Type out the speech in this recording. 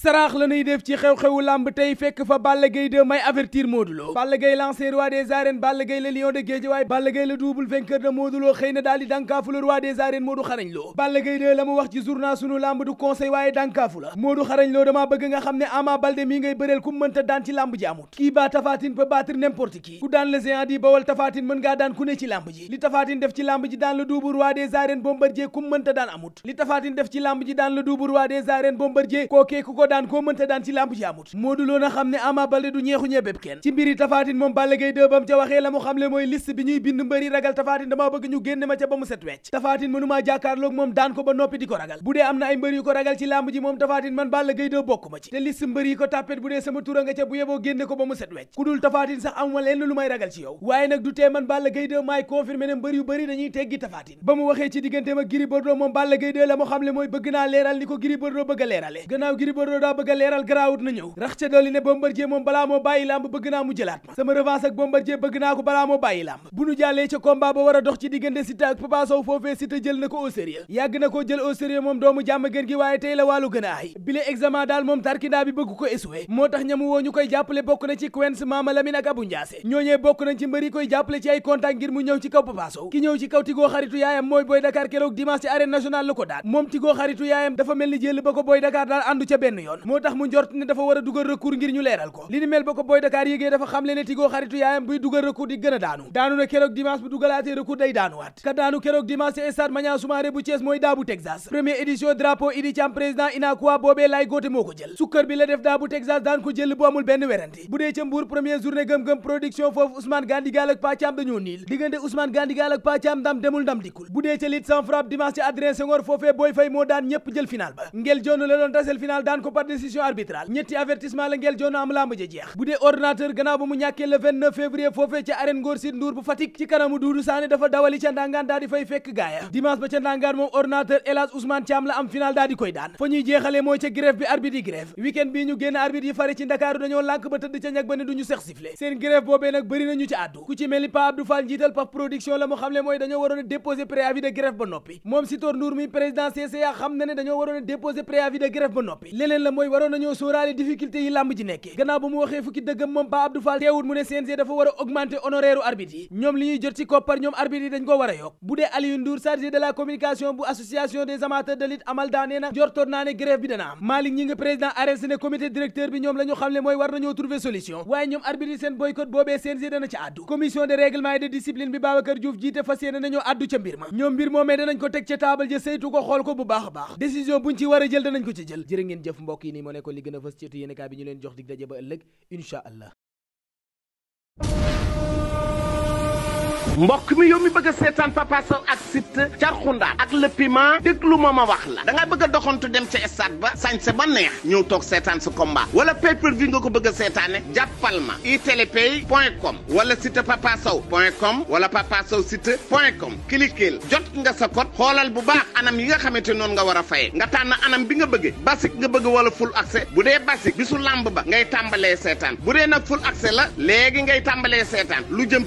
saraax la ñuy def ci xew-xewu lamb tey fekk fa Balla Gaye 2 may avertir Modou Lo Balla Gaye l'ancien roi des arènes Balla lion de Guédiawaye Balla Gaye le double vainqueur de Modou Lo xëy na daal di dànkaafu le roi des arènes Modou Lo Balla Gaye 2 la mu wax ci journal sunu lamb du conseil waaye dànkaafu la Modou Xarañ Lo damaa bëgg nga xam ne Ama Baldé i ngay bëreel ku mënta daan ci lamb ji amut kii baa Tafatine peut battre n'importe qui ku daan le géant di Bawol Tafatine mën ngaa daan ku ne ci lamb ji li Tafatine def daan le double def ci lamb ji daan le double roi des daan koo mënta daan ci làmb ji amut Modou Lo na xam ne Ama Baldé du ñeexu ñebeb kenn ci mbiri tafaatin moom Balla Gaye 2 bam ca waxee la mu xamle mooy liste bi ñuy bind mbëri ragal tafaatin damaa bëgg ñu génne ma ca ba mu set wecc tafaatin mënumaa jàkkaarloog moom daan ko ba noppi di ko ragal bu dee am na ay mbëri ko ragal ci làmb ji moom tafaatin man Balla Gaye bokk ma ci te liste mbëri ko tàppet bu dee sama tura nga ca bu yeboo génne ko ba mu Modou daa bëgg a leeral garaawut na ñëw rax ca dolli ne Bombardier moom balaa moo bàyyi làmb bëgg naa mu jëlaat sama revanche ak Bombardier bëgg naa ko balaa moo bàyyi làmb bu nu jàllee ca combat ba war a dox ci diggante Siteu ak Papa foofee Siteu jël na ko au yàgg na koo jël au moom doomu jàmm gën gi waaye tey la wàllu gën a ay bile examen daal moom tarkindaa bi bëgg ko essuwe moo tax ñamu woo ñu koy jàppale bokk na ci Quench Mama Lamine ak Abou yoon moo tax mu njort dafa war dugal recours ngir ñu leeral ko li ni mel ba ko Boy Dakar yégee dafa xam ne Tigo xaritu yaayam buy dugal recours di gën daanu daanu na keroog dimanche bu dugalaatee recours day daanuwaat ka daanu keroog dimanche ci stade Maniang Soumaré bu Thiès mooy daabu Texas première édition drapeau Idi Thiam président inakua boobee laay góote moo ko jël sukkër bi la def daabu Texas daan ko jël bu benn werante bu dee ca Mbour par décision arbitrale ñetti avertissement la ngeel joona am lamb jeex bu dee ordinateur gannaaw ba mu ñàkkee le février foofee ca arène Ngor Sid bu Fatick ci kanamu Doudou Sané dafa dawali ca ndangaan daa fay fekk gaaya dimanche ba ca ndangaan moom ordinateur El Hadj Ousmane la am final daa koy daan fa ñuy jeexale mooy ca grève bi arbitre yi grève week-end ñu génn arbitre yi fare ci Ndakaaru dañoo lànk ba tëdd ca ñag ba ne duñu sex sifflé seen grève mooy waroon nañoo sóoraale difficulté yi làmb ji nekkee gannaaw ba mu waxee fukki dëggam moom Pape Abdou Fall mu ne CNG dafa war a augmenter honoraire u arbitre yi ñoom li ñuy jot ci koppar ñoom arbitre yi dañ ko war a yokk bu dee Aliou Ndour chargé de la communication bu association des amateurs de lutte amal daa na jortoon naa ne grève bi dana am ñi nga président arrêté ne comité directeur bi ñoom la xam le mooy war nañoo trouver solution a a mbokk yi nii moo nekkoon li gën a fës ci ëttu yéenekaay bi ñu leen jox dig daje ba ëllëg incha allah mbokk mi yow mi bëgg a seetaan papa Sow ak Siteu Carxunda ak le piment déglu ma ma wax la da nga bëgg a doxantu dem ca stade ba sañse ba neex ñëw toog seetaan sa combat wala pay per nga ko bëgg a seetaane jàppal ma itelepay point com wala Siteu papa Sow point com wala papa Sow Siteu point com jot nga sa code xoolal bu baax anam yi nga xamante noonu nga war a fayee nga tànn anam bi nga bëggee basique nga bëgg wala full accès bu dee basique bi su làmb ba ngay tàmbalee seetaan bu dee nag full accès la léegi ngay tàmbalee seetaan lu jëm